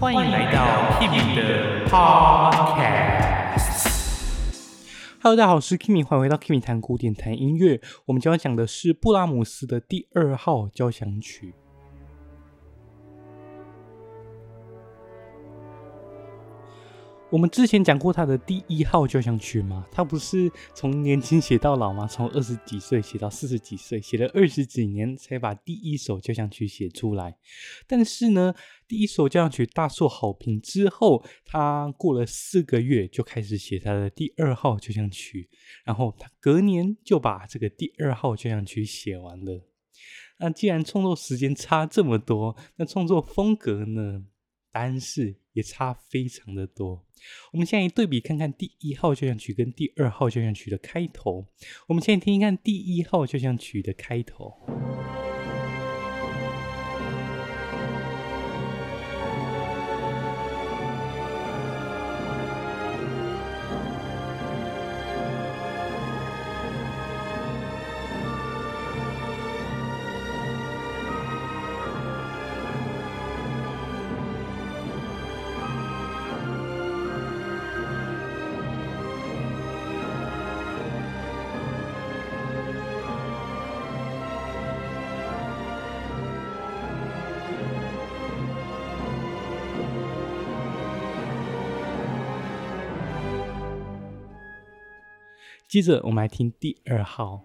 歡迎來到 Kimmy 的 Podcast。的 Pod Hello，大家好，我是 Kimmy，歡迎回到 Kimmy 談古典談音樂。我們今天講的是布拉姆斯的第二號交響曲。我們之前講過他的第一號交響曲嘛，他不是從年輕寫到老嗎？從二十幾歲寫到四十幾歲，寫了二十幾年才把第一首交響曲寫出來。但是呢，第一首交響曲大受好評之後，他過了四個月就開始寫他的第二號交響曲，然後他隔年就把這個第二號交響曲寫完了。那既然創作時間差這麼多，那創作風格呢，答案是也差非常的多。我們現在一對比看看第一號交響曲跟第二號交響曲的開頭。我們現在一聽一看第一號交響曲的開頭。接着我們來聽第二號，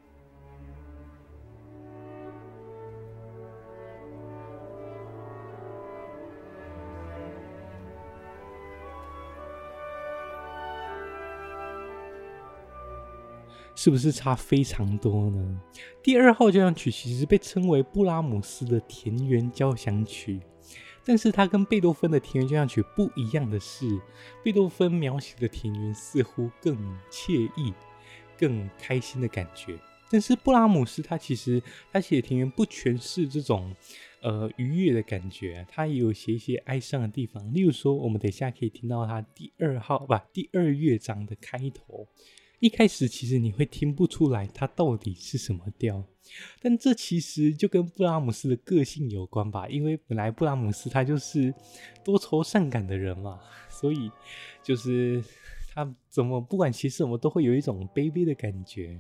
是不是差非常多呢？第二號交響曲其實被稱為布拉姆斯的田園交響曲，但是它跟貝多芬的田園交響曲不一樣的是，貝多芬描寫的田園似乎更愜意。更開心的感覺，但是布拉姆斯他其實他寫田園不全是這種呃愉悅的感覺，啊，他也有寫一些一些哀傷的地方。例如說，我們等一下可以聽到他第二號吧，第二樂章的開頭，一開始其實你會聽不出來他到底是什麼調，但這其實就跟布拉姆斯的個性有關吧，因為本來布拉姆斯他就是多愁善感的人嘛，所以就是。那、啊、怎麼不管其實我們都會有一種卑微的感覺？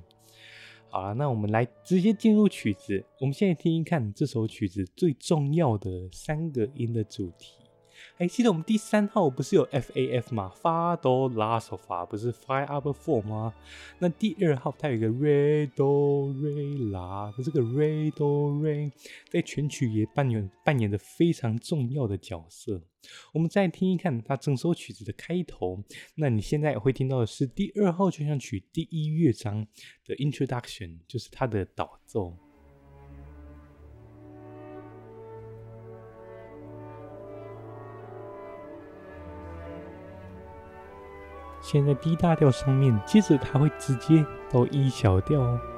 好了，那我們來直接進入曲子。我們現在聽一聽看這首曲子最重要的三個音的主題。哎，記得我們第三號不是有 F A F 嗎？發哆拉索發，不是 Frei aber froh 嗎？那第二號它有一個瑞哆瑞拉，它這個瑞哆瑞在全曲也扮演扮演着非常重要的角色。我們再聽一看它整首曲子的開頭，那你現在會聽到的是第二號交響曲第一樂章的 Introduction，就是它的導奏。現在 D 大調上面，接着它會直接到 E 小調哦。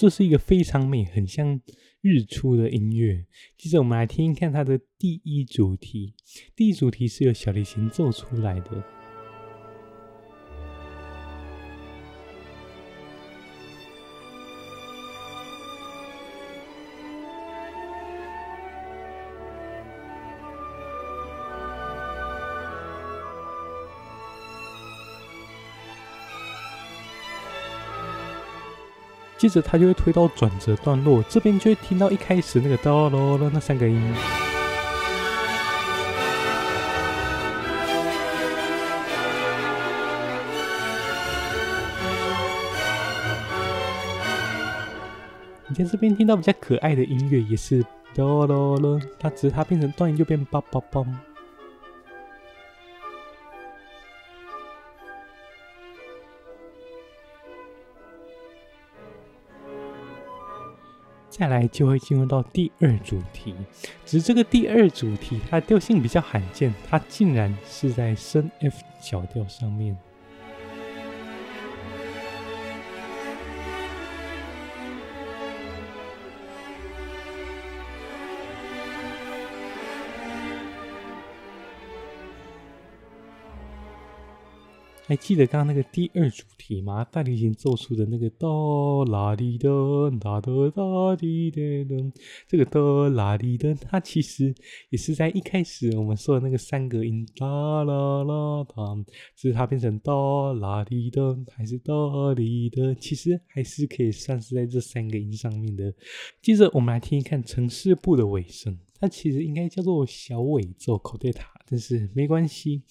這是一個非常美、很像日出的音樂。接着，我們來聽一看它的第一主題。第一主題是由小提琴奏出來的。接着他就會推到轉折段落，這邊就會聽到一開始那個哆嘍嘍那三個音。你在這邊聽到比較可愛的音樂，也是哆嘍嘍，它只是它變成斷音就變叭叭叭。接下來就會進入到第二主題，只是這個第二主題它的調性比較罕見，它竟然是在升 F 小調上面。還記得剛剛那個第二主題嗎？大提琴奏出的那個哆啦滴哆啦哆噠滴的這個哆啦滴的，它其實也是在一開始我們說的那個三個音噠啦啦噠，是它變成哆啦滴的還是哆滴的，其實還是可以算是在這三個音上面的。接着我們來聽一看呈示部的尾聲。它其實應該叫做小尾做口袋塔，但是沒關係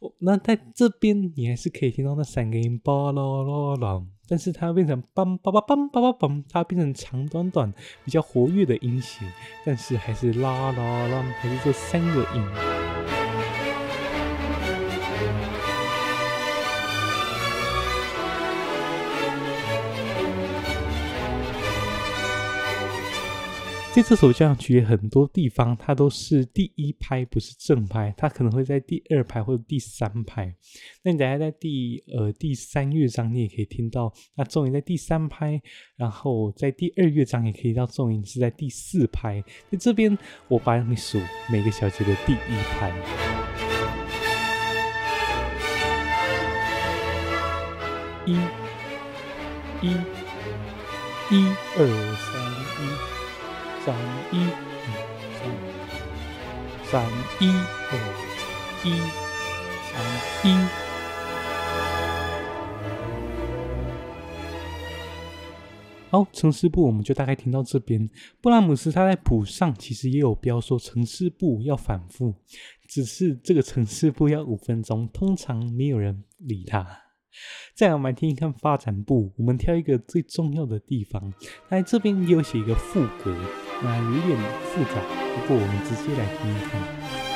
哦。那在這邊，你還是可以聽到那三個音，啦啦啦啦。但是它要變成梆梆梆梆梆梆梆，它變成長短短，比較活躍的音型。但是還是啦啦啦，還是這三個音。這首交響曲很多地方，它都是第一拍不是正拍，它可能會在第二拍或者，第三拍。那你等下在第二、第三樂章，你也可以聽到那重音在第三拍，然後在第二樂章也可以到重音是在第四拍。在這邊，我幫你數每個小節的第一拍。一，一，一二三。三一五，三一五，三一三一。好，呈示部我們就大概聽到這邊。布拉姆斯他在譜上其實也有標說呈示部要反覆，只是這個呈示部要五分鐘，通常沒有人理他。再來我們來聽一看發展部，我們挑一個最重要的地方。來，這邊也有寫一個賦格，那有點複雜。不過我們直接來聽一聽。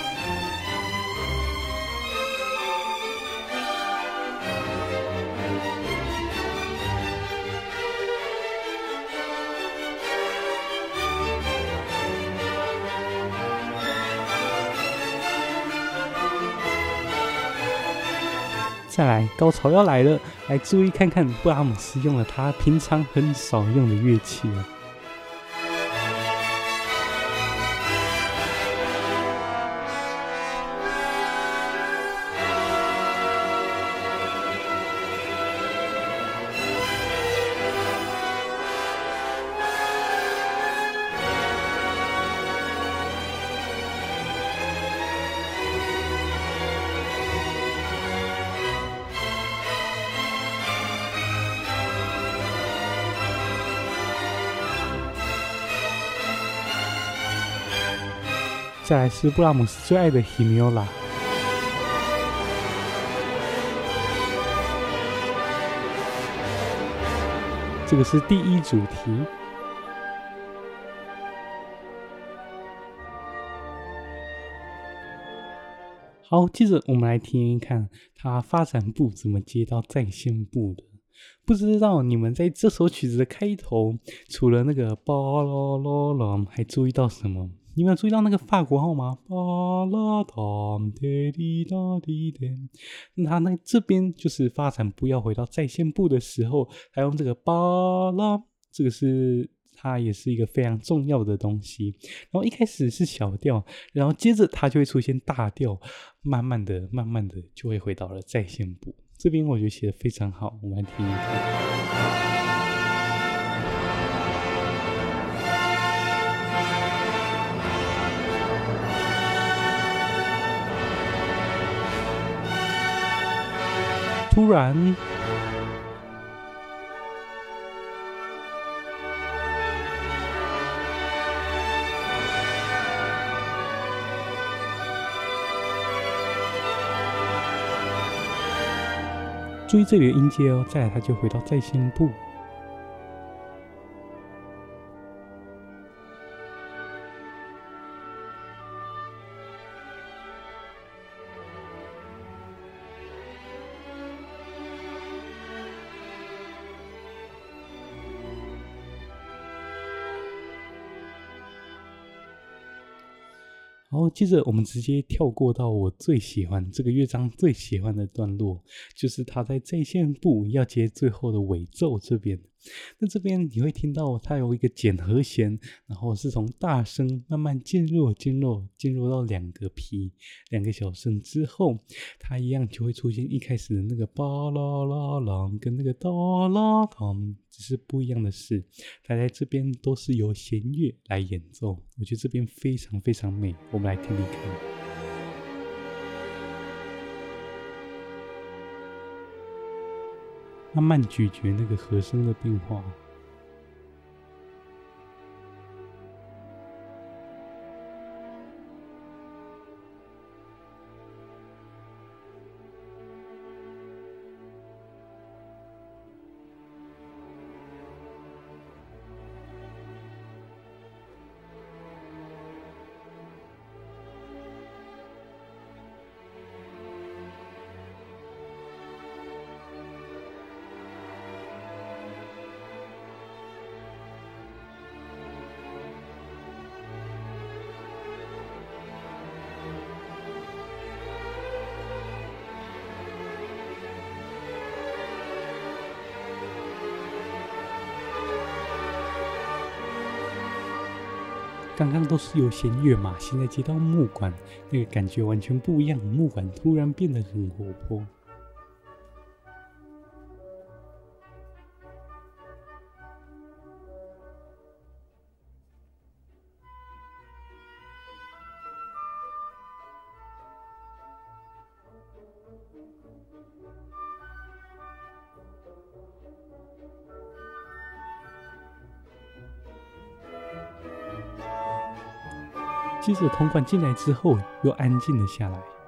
再來，高潮要來了！來注意看看，布拉姆斯用了他平常很少用的樂器啊。再來是布拉姆斯最愛的《希米奧拉》，這個是第一主題。好，接着我們來聽聽看它發展部怎麼接到再現部的。不知道你們在這首曲子的開頭，除了那個巴啦啦啦，還注意到什麼？你有沒有注意到那個法國號嗎？那他那這邊就是發展，不要回到再現部的時候，還用這個巴拉，這個是它也是一個非常重要的東西。然後一開始是小調，然後接着它就會出現大調，慢慢的、慢慢的就會回到了再現部。這邊我覺得寫得非常好，我們來聽一下。突然，注意這裡的音階哦，再來它就回到再現部。接着，我們直接跳過到我最喜歡這個樂章，最喜歡的段落，就是他在再現部要接最後的尾奏這邊。那這邊你會聽到它有一個減和弦，然後是從大聲慢慢漸弱、漸弱，漸弱到兩個 P，兩個小聲之後，它一樣就會出現一開始的那個巴啦啦啦，跟那個哆啦啦，只是不一樣的是，它在這邊都是由弦樂來演奏。我覺得這邊非常非常美，我們來聽聽看。慢慢咀嚼那個和聲的變化。剛剛都是有弦樂嘛，現在接到木管，那個感覺完全不一樣，木管突然變得很活潑。接著銅管進來之後，又安靜了下來。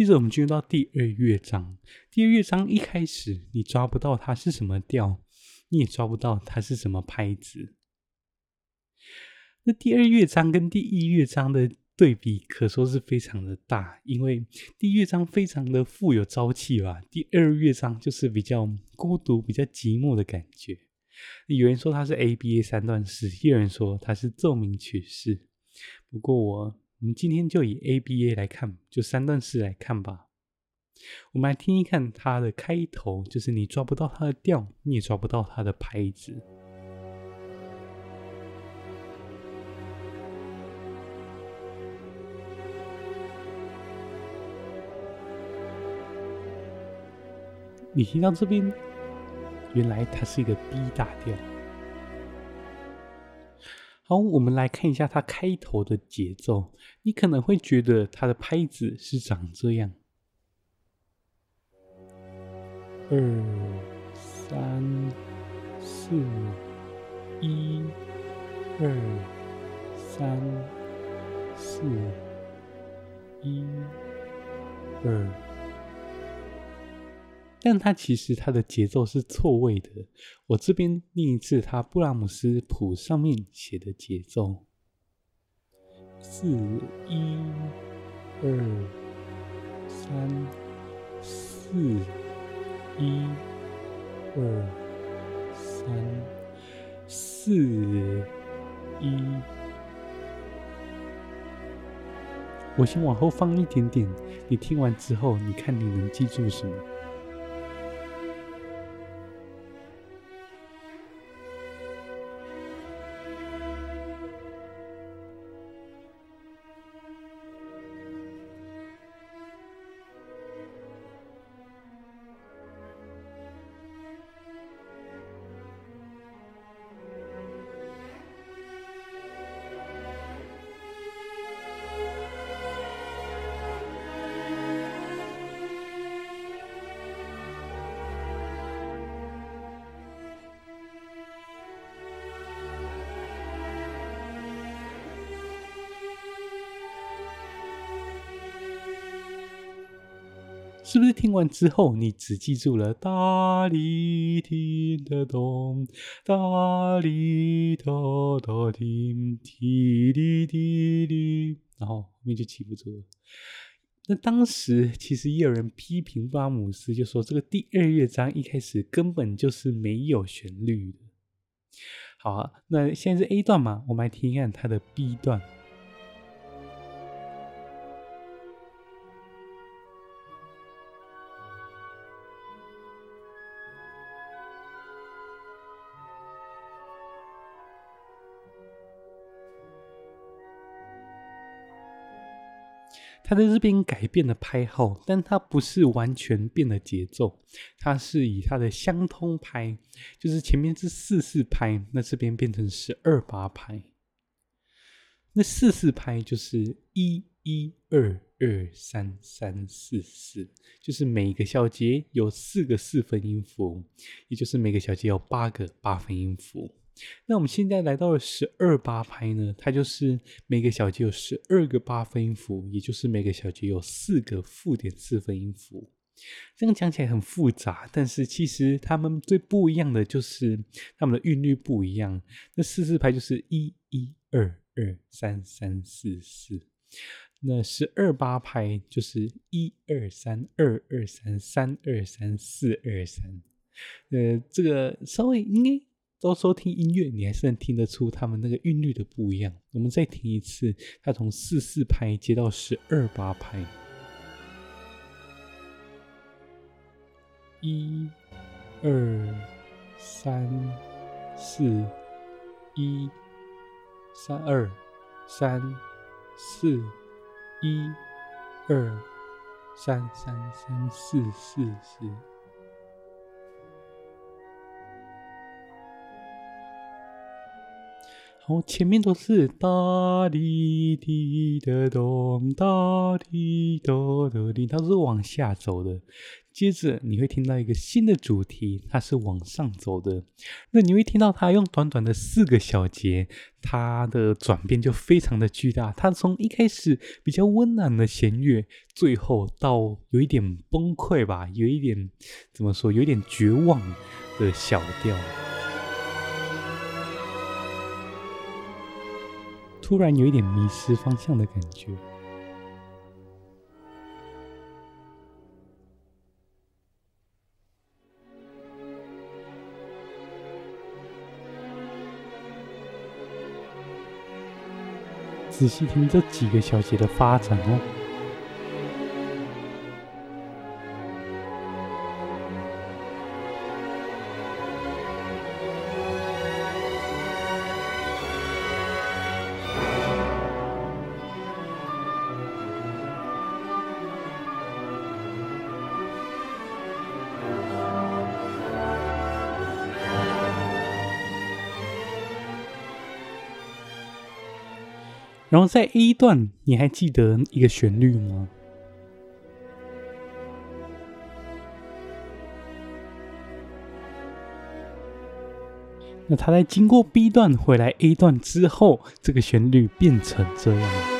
接着我們進入到第二樂章。第二樂章一開始，你抓不到它是什麼調，你也抓不到它是什麼拍子。那第二樂章跟第一樂章的對比，可說是非常的大。因為第一樂章非常的富有朝氣吧，第二樂章就是比較孤獨、比較寂寞的感覺。有人說它是 A B A 三段式，有人說它是奏鳴曲式。不過我。我們今天就以 ABA 來看，就三段式來看吧。我們來聽一看它的開頭，就是你抓不到它的調，你也抓不到它的拍子。你聽到這邊，原來它是一個 B 大調。好，我們來看一下它開頭的節奏。你可能會覺得它的拍子是長這樣：二三四，一二三四一二。三四一二但它其實它的節奏是錯位的。我這邊念一次，它布拉姆斯譜上面寫的節奏：四,一,四一，二，三，四，一，二，三，四，一。我先往後放一點點，你聽完之後，你看你能記住什麼？是不是聽完之後你只記住了“達里聽得懂，達里偷偷聽滴滴滴滴”，然後後面就記不住了？那當時其實也有人批評布拉姆斯，就說這個第二樂章一開始根本就是沒有旋律的。好啊，那現在是 A 段嘛，我們來聽一下它的 B 段。它在這邊改變了拍號，但它不是完全變了節奏，它是以它的相通拍，就是前面是四四拍，那這邊變成十二八拍。那四四拍就是一一二二三三四四，就是每個小節有四個四分音符，也就是每個小節有八個八分音符。那我們現在來到了十二八拍呢，它就是每個小節有十二個八分音符，也就是每個小節有四個附點四分音符。這樣講起來很複雜，但是其實它們最不一樣的就是它們的韻律不一樣。那四四拍就是一一二二三三四四，那十二八拍就是一二三二二三三二三四二三。呃，這個稍微應該。嗯到時候聽音樂，你還是能聽得出他們那個韻律的不一樣。我們再聽一次，它從四四拍接到十二八拍。一、二、三、四、一、三、二、三、四、一、二、三、三、三、四、四、四。前面都是噠滴滴的咚，噠滴咚的滴，它是往下走的。接着你會聽到一個新的主題，它是往上走的。那你會聽到它用短短的四個小節，它的轉變就非常的巨大。它從一開始比較溫暖的弦樂，最後到有一點崩潰吧，有一點怎麼說，有點絕望的小調。突然有一點迷失方向的感覺。仔細聽這幾個小節的發展哦。然後在 A 段，你還記得一個旋律嗎？那它在經過 B 段回來 A 段之後，這個旋律變成這樣。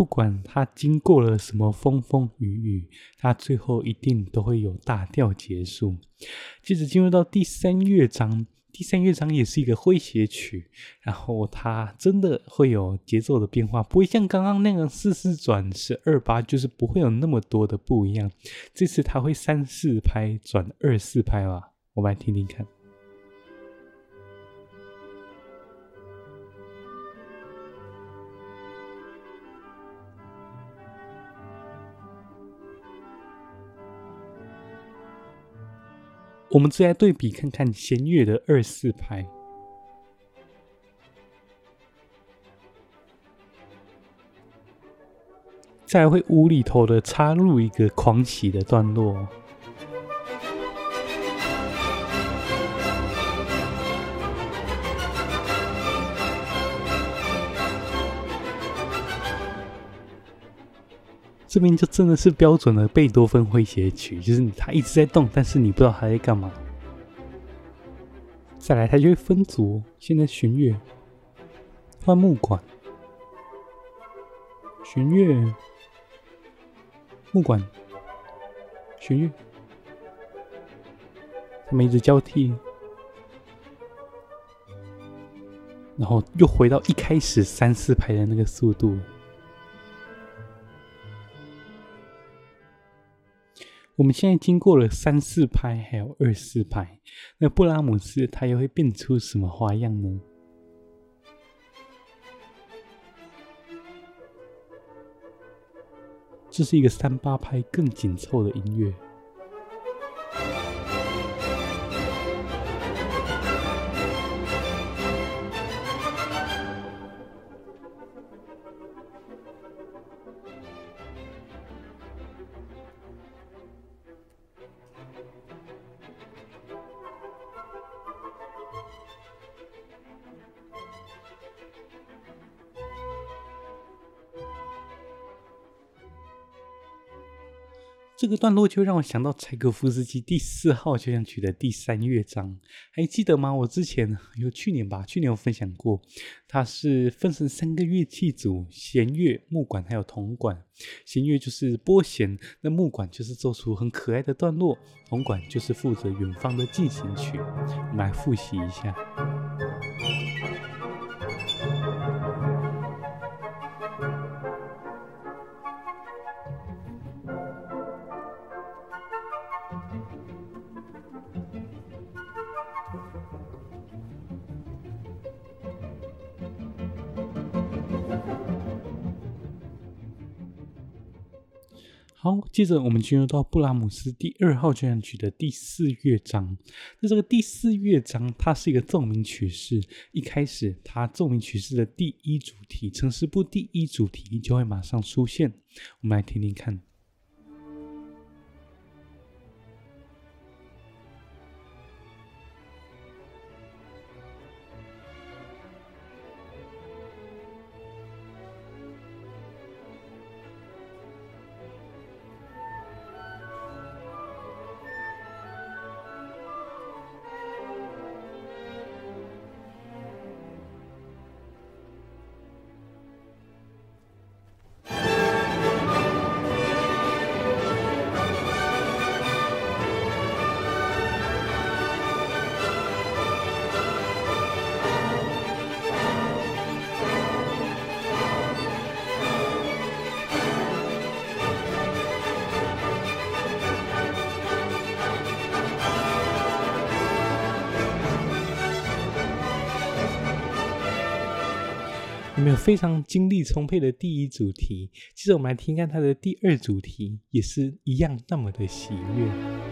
不管它經過了什麼風風雨雨，它最後一定都會有大調結束。接着進入到第三樂章，第三樂章也是一個詼諧曲，然後它真的會有節奏的變化，不會像剛剛那個四四轉十二八，就是不會有那麼多的不一樣。這次它會三四拍轉二四拍吧，我們來聽聽看。我們再來對比看看弦樂的二四拍，再會無厘頭的插入一個狂喜的段落。這邊就真的是標準的貝多芬詼諧曲，就是他一直在動，但是你不知道他在幹嘛。再來，他就會分組，現在弦樂，換木管，弦樂，木管，弦樂，他們一直交替，然後又回到一開始三四拍的那個速度。我們現在經過了三四拍，還有二四拍，那布拉姆斯他又會變出什麼花樣呢？這是一個三八拍更緊湊的音樂。這個段落就讓我想到柴可夫斯基第四號交響曲的第三樂章，還記得嗎？我之前有去年吧，去年我分享過，它是分成三個樂器組：弦樂、木管還有銅管。弦樂就是撥弦，那木管就是做出很可愛的段落，銅管就是負責遠方的進行曲。我們來複習一下。接着，我們進入到布拉姆斯第二號交響曲的第四樂章。那這個第四樂章，它是一個奏鳴曲式。一開始，它奏鳴曲式的第一主題、呈示部第一主題就會馬上出現。我們來聽聽看。有沒有非常精力充沛的第一主題？其實我們來聽看它的第二主題，也是一樣那麼的喜悅。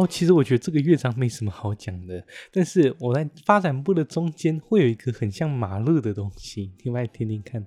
哦，其實我覺得這個樂章沒什麼好講的，但是我在發展部的中間會有一個很像馬勒的東西，你來聽聽看。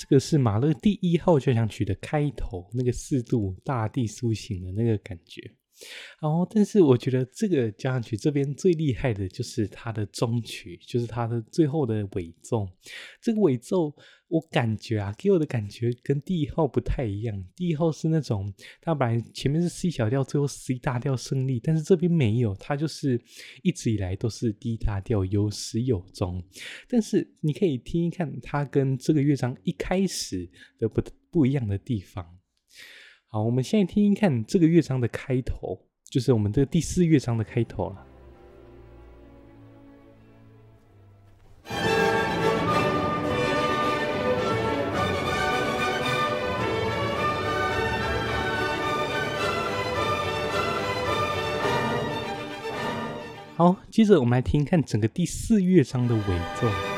這個是馬勒第一號交響曲的開頭，那個四度大地甦醒的那個感覺。然後，但是我覺得這個交響曲這邊最厲害的就是它的終曲，就是它的最後的尾奏。這個尾奏，我感覺啊，給我的感覺跟第一號不太一樣。第一號是那種，它本來前面是 C 小調，最後 C 大調勝利，但是這邊沒有，它就是一直以來都是 D 大調，有始有終。但是你可以聽一看，它跟這個樂章一開始的不不一樣的地方。好，我們現在聽一看這個樂章的開頭。就是我們這個第四樂章的開頭了。好，接着我們來聽聽看整個第四樂章的尾奏。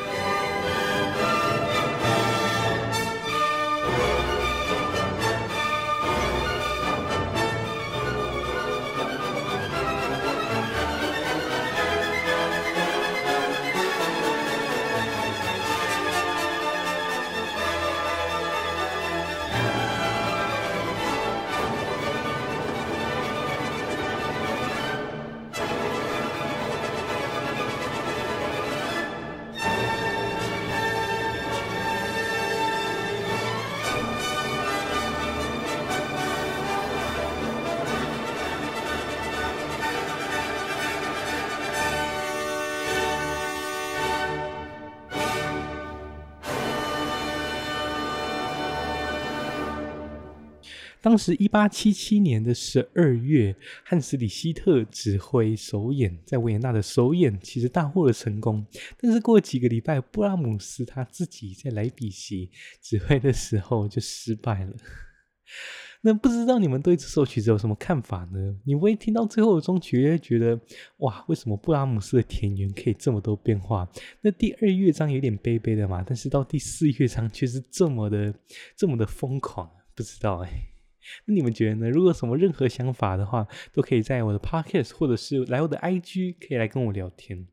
當時一八七七年的十二月，漢斯里希特指揮首演，在維也納的首演其實大獲了成功。但是過幾個禮拜，布拉姆斯他自己在萊比錫指揮的時候就失敗了。 那不知道你們對這首曲子有什麼看法呢？你會聽到最後的終曲，會覺得哇，為什麼布拉姆斯的田園可以這麼多變化？那第二樂章有點悲悲的嘛，但是到第四樂章卻是這麼的、這麼的瘋狂，不知道誒那你們覺得呢？如果有什麼任何想法的話，都可以在我的 Podcast 或者是來我的 IG，可以來跟我聊天。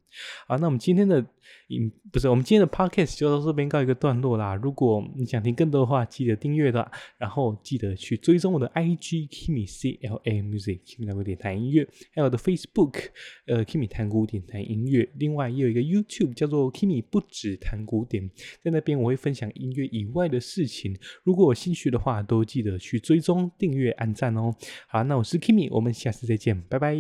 好，那我們今天的、嗯、不是我們今天的 podcast 就到這邊告一個段落啦。如果你想聽更多的話，記得訂閱的，然後記得去追蹤我的 IG Kimi C L M Music Kimi 那個電台音樂，還有我的 Facebook，呃，Kimi 不止彈古典音樂，另外也有一個 YouTube 叫做 Kimi 不止彈古典，在那邊我會分享音樂以外的事情。如果有興趣的話，都記得去追蹤、訂閱、按讚哦、喔。好，那我是 Kimi，我們下次再見，拜拜。